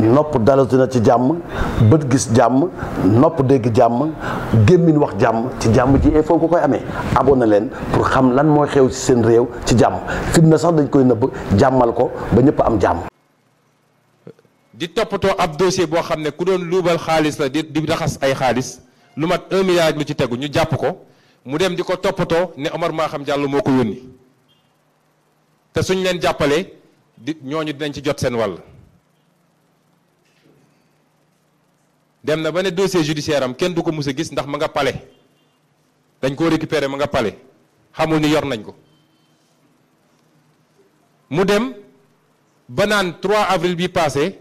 nopp dalatu na ci jàmm bët gis jàmm nopp dégg jàmm gémmiñ wax jàmm ci jàmm ji il faut nga koy amee abonné leen pour xam lan mooy xew ci seen réew ci jàmm fitna sax dañ koy nëbb jàmmal ko ba ñëpp am jàmm di toppatoo ab dossier boo xam ne ku doon luubal xaalis la di di raxas ay xaalis lu mat un milliard lu ci tegu ñu jàpp ko mu dem di ko toppatoo ne Omar Maham Diallo moo ko yónni te suñ leen jàppalee di ñooñu dinañ ci jot seen wàll dem na ba ne dossier judiciaire am kenn du ko mu a gis ndax ma nga pale dañ koo récupérer ma nga pale xamul ni yor nañ ko mu dem ba naan trois avril bi passé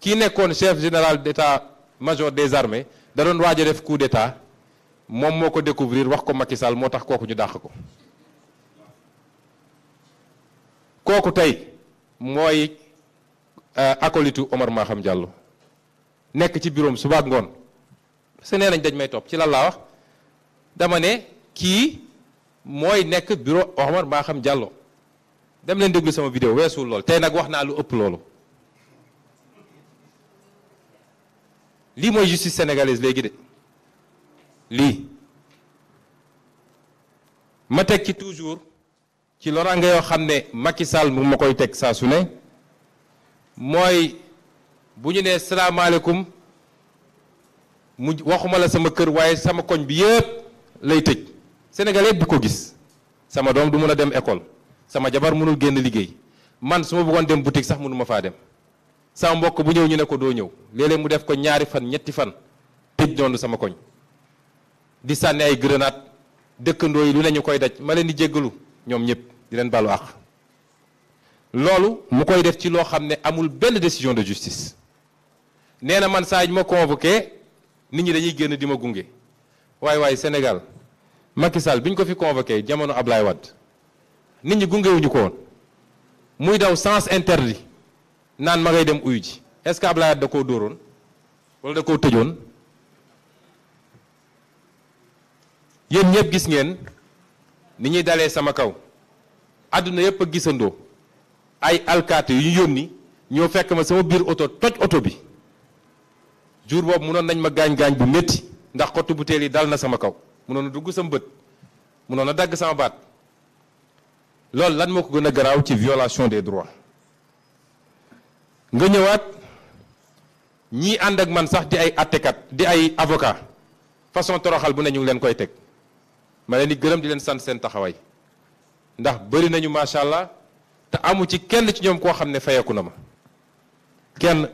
ki nekkoon chef général d'état major des armées da doon waaj def coup d'état moom moo ko découvrir wax ko Macky moo tax kooku ñu dàq ko kooku tey mooy euh, acolytu Omar Maham Diallo nekk ci bureau am suba ngoon parce que nee nañ dañ may topp ci lan laa wax dama ne kii mooy nekk bureau Omar Maham Diallo dem leen déglu sama vidéo weesul lool tey nag wax naa lu ëpp loolu. lii mooy justice sénégalaise léegi de lii ma teg ci toujours ci loraange yoo xam ne Macky Sall mu ma koy teg saa su ne mooy. bu ñu nee salaamaaleykum mu waxuma la sama kër waaye sama koñ bi yépp lay tëj Sénégal yëpp ko gis sama doom du mën a dem école sama jabar mënul génn liggéey man su ma bëggoon dem boutique sax mënuma faa dem sama mbokk bu ñëw ñu ne ko doo ñëw léeg mu def ko ñaari fan ñetti fan tëj noonu sama koñ di sànni ay grenade dëkkandoo yi lu ne ñu koy daj ma leen di jéggalu ñoom ñëpp di leen balu àq loolu mu koy def ci loo xam ne amul benn décision de justice nee na man saa ñu ma convoqué nit ñi dañuy génn di ma gunge waaye waaye Sénégal Macky Sall bi ñu ko fi convoqué jamono Ablaye Wade nit ñi gungewuñu ko woon muy daw sens interdit naan ma ngay dem uyu ji est-ce que da koo dóoroon wala da ko tëjoon yéen ñëpp gis ngeen ni ñuy dalee sama kaw àdduna yëpp a gisandoo ay alkaati yu ñu yónni ñoo fekk ma sama biir oto toj oto bi jour boobu munoon nañ ma gaañ-gaañ bu métti ndax xottu butéel yi dal na sama kaw munoon a dugg sam bët munoon a dagg sama baat loolu lan moo ko gën a garaaw ci violation des droits nga ñëwaat ñii ànd ak man sax di ay attekat di ay avocat façon toroxal bu ne ñu ngi leen koy teg ma leen di gërëm di leen sant seen taxawaay ndax bëri nañu macha allah te amu ci kenn ci ñoom koo xam ne fayeeku na ma kenn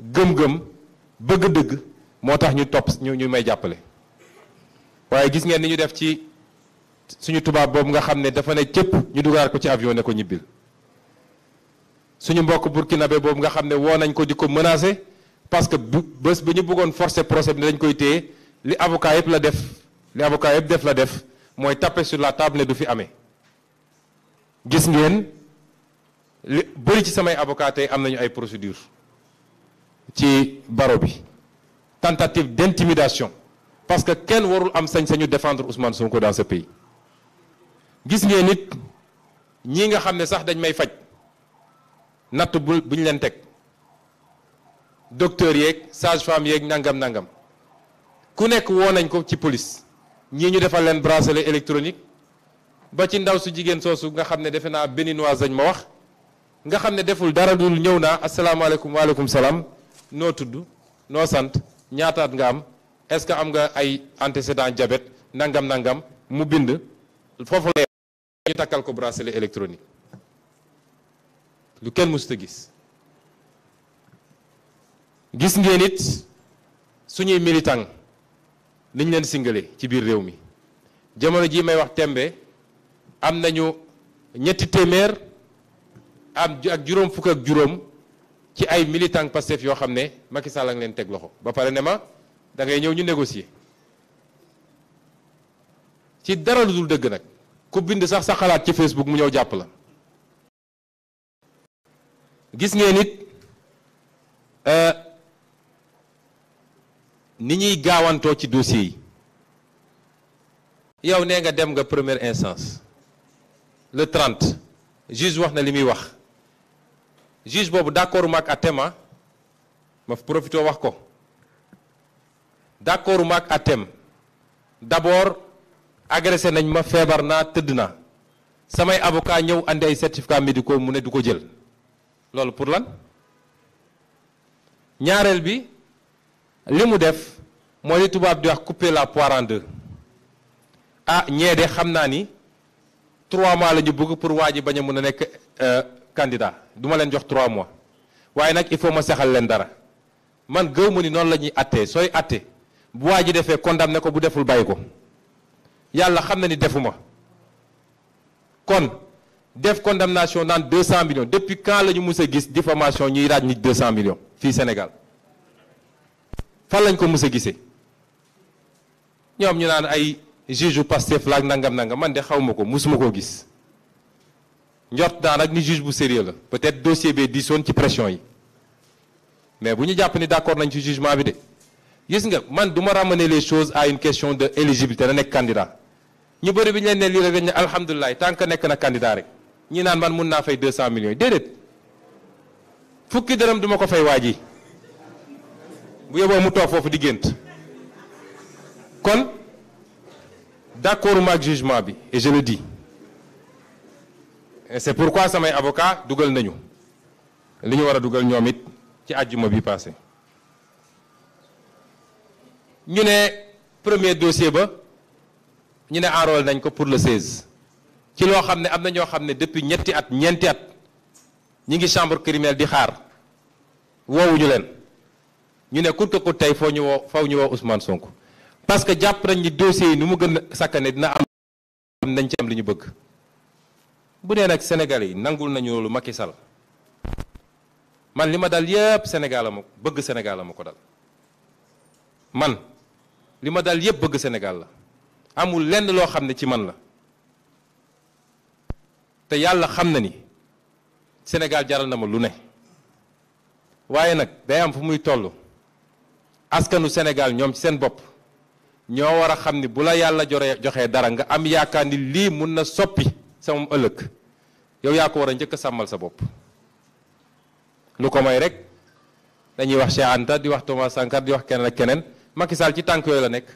gëm-gëm bëgg dëgg moo tax ñu topp ñu ñu may jàppale waaye gis ngeen ni ñu def ci suñu tubaab boobu nga xam ne dafa ne cëpp ñu dugalaat ko ci avion ne ko ñibbil suñu mbokk burkinabé boobu nga xam ne woo nañ ko di ko menacé parce que bu bés bi ñu bëggoon forcer procès bi ne dañ koy téye li avocat yëpp la def li avocat yëpp def la def mooy taper sur la table ne du fi amee gis ngeen li bëri ci samay avocat tey am nañu ay procédure ci baro bi tentative d'intimidation parce que kenn warul am sañ-sañu defendre défendre Ousmane ko dans ce pays gis ngeen nit ñi nga xam ne sax dañ may faj natt bu buñ leen teg docteur yeeg sage-femme yeeg nangam nangam ku nekk woo nañ ko ci police ñii ñu defal leen bracelet électronique ba ci ndaw su jigéen soosu nga xam ne defe naa béninoise dañ ma wax nga xam ne deful dara dul ñëw naa asalaamaaleykum waaleykum salaam. noo tudd no sant ñaataat nga am est-ce que am nga ay antécédent jabet nangam nangam mu bind foofu lay ñu takkal ko bracelet électronique lu kenn mësuta gis gis ngeen it suñuy militant liñ leen singale ci biir réew mi jamono ji may wax tembe am nañu ñetti téeméer am ak juróom fukk ak juróom ci ay militant Pastef yoo xam ne Macky Sall a leen teg loxo ba pare ne ma da ngay ñëw ñu négocier ci dara lu dëgg nag ku bind sax sa xalaat ci Facebook mu ñëw jàpp la. gis ngeen it euh, ni ñuy gaawantoo ci dossier yi. yow nee nga dem nga première instance le 30 juge wax na li muy wax. juge boobu d'accord ma ak àtteem ah, ma profité wax ko d'accord ma ak àtteem d'abord agressé nañ ma feebar naa tëdd na samay avocat ñëw andi ay certificats médicaux mu ne du ko jël loolu pour lan ñaareel bi li mu def mooy li tubaab di wax couper la poire deux ah ñee de xam naa ni trois mois la ñu bëgg pour waa ji bañ a mun a nekk. Euh, candidat du ma leen jox trois mois waaye nag il faut ma saxal leen dara man gëw ma ni noonu la ñuy attee sooy attee bu waa ji defee condamné ko bu deful bàyyi ko yàlla xam na ni defuma kon def condamnation naan deux cent millions depuis quand la ñu mus a gis diffamation ñuy raaj nit deux cent millions fii senegal fan lañ ko mus a gisee ñoom ñu naan ay juge Pastef laak nangam nangam man de xaw ma ko musuma koo gis njort naa nag ni juge bu sérieux la peut-être dossier bi diisoon ci pression yi mais bu ñu jàpp ni d'accord nañ ci jugement bi de gis nga man du ma ramener les choses à une question de éligibilité na nekk candidat ñu bëri bi ñu leen ne lii rek dañ ne alhamdulilah tant que nekk na candidat rek ñi naan man mun naa fay 200 millions déedéet fukki dërëm du ma ko fay waa ji bu yóbboo mu toog foofu di gént kon d'accord maag jugement bi et je le dis. c'est pourquoi samay avocat dugal nañu li ñu war a dugal ñoom it ci àjjuma bi passé ñu ne premier dossier ba ñu ne enrôle nañ ko pour le 16 ci loo xam ne am na ñoo xam ne depuis ñetti at ñeenti at ñi ngi chambre criminelle di xaar woowuñu leen ñu ne kur que kur tey foo ñu woo faw ñu woo Ousmane Sonko parce que jàpp nañ ni dossier yi nu mu gën a sakkane dina am nañ ci am li ñu bëgg bu dee nag Sénégalais yi nangul nañu loolu Macky Sall man li ma dal yépp Sénégal ma bëgg Sénégal ma ko dal man li ma dal yépp bëgg Sénégal amul lenn loo xam ne ci man la te yàlla xam na ni senegal jaral na ma lu ne waaye nag day am fu muy toll askanu senegal ñoom seen bopp ñoo war a xam ni bu la yàlla joree joxee dara nga am yaakaar ni lii mun na soppi sama ëllëg yow yaa ko war njëkk sàmmal sa bopp lu ko may rek dañuy wax Cheikh Anta di wax Thomas Sankara di wax keneen ak keneen Macky Sall ci tànk yooyu la nekk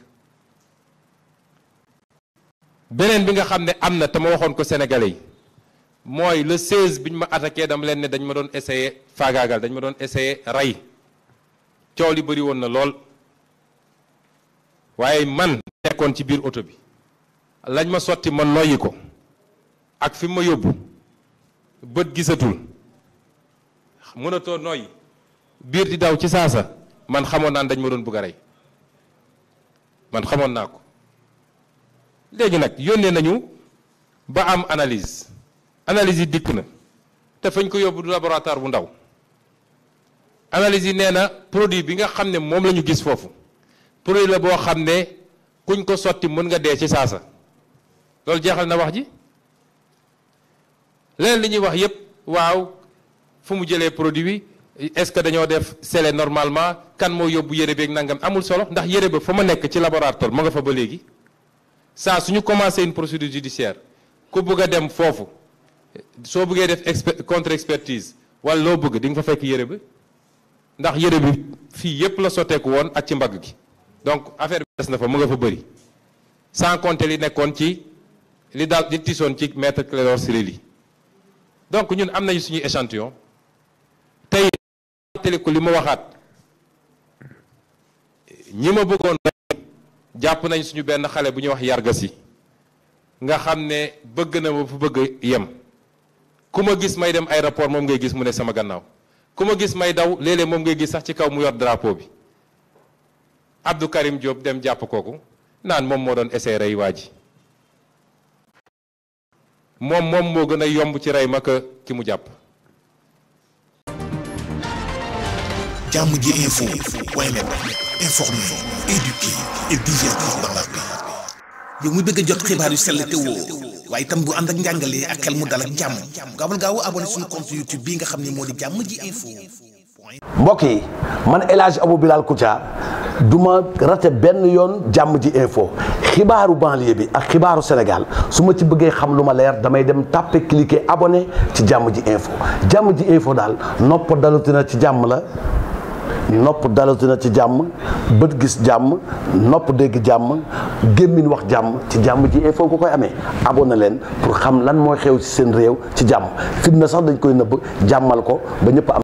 beneen bi nga xam ne am na te ma waxoon ko Sénégalais yi mooy le 16 bi ñu ma attaqué dama leen ne dañ ma doon essayé faagaagal dañ ma doon essayé rey coow li bari woon na lool waaye man nekkoon ci biir oto bi lañ ma sotti ma noyyi ko ak fi ma yóbbu bët gisatul mënatoo nooy biir di daw ci saasa man xamoon naa naan dañ ma doon bugg a rey man xamoon naa ko léegi nag yónnee nañu ba am analyse analyse yi dikk na te fañ ko yóbbu laboratoire bu ndaw analyse yi nee na produit bi nga xam ne moom la ñu gis foofu produit la boo xam ne kuñ ko sotti mën nga dee ci saasa loolu jeexal na wax ji leneen li ñuy wax yépp waaw fu mu jëlee produit bi est-ce que dañoo def scellé normalement kan moo yóbbu yére beeg nangam amul solo ndax yére bi fa ma nekk ci laboratoire ma nga fa ba léegi saa su ñu commencé une procédure judiciaire ku bëgg a dem foofu soo bëggee def exper contre expertise wala loo bëgg di nga fa fekk yére bi ndax yére bi fii yépp la sotteeku woon ak ci mbagg gi donc affaire bi des na fa mu nga fa bëri sans compter li nekkoon ci li daal li tisoon ci maître Clédor Ciré Ly donc ñun am nañu suñuy échantillon tey fàttali ko li ma waxaat ñi ma bëggoon jàpp nañ suñu benn xale bu ñuy wax yargasi nga xam ne bëgg na ma fu bëgg yem ku ma gis may dem aéroport moom ngay gis mu ne sama gannaaw ku ma gis may daw léeg moom ngay gis sax ci kaw mu yor drapeau bi Abdou Karim Diop dem jàpp kooku naan moom moo doon essayé rey waa ji moom moom moo gën a yomb ci rey ma que ki mu jàpp. jàmm ji info waaye nag informer, éduquer et divertir dans la yow mi bëgg a jot xibaar yu sell te woo waaye itam bu ànd ak njàngalee ak xel mu dal ak jàmm gaawal gaaw abonné suñu compte YouTube bii nga xam ni moo di jàmm ji info. mbokk yi man El Hadj Abou Bilal du ma rate benn yoon jàmm ji info xibaaru banlieue bi ak xibaaru senegal su ma ci bëggee xam lu ma leer damay dem tàppe cliquer abone ci jàmm ji info jàmm ji info daal nopp dalutina ci jàmm la nopp dalatina ci jàmm bët gis jàmm nopp dégg jàmm gémmiñ wax jàmm ci jàmm ji info nga koy amee abonné leen pour xam lan mooy xew ci seen réew ci jàmm fitna sax dañ koy nëbb jàmmal ko ba ñëpp am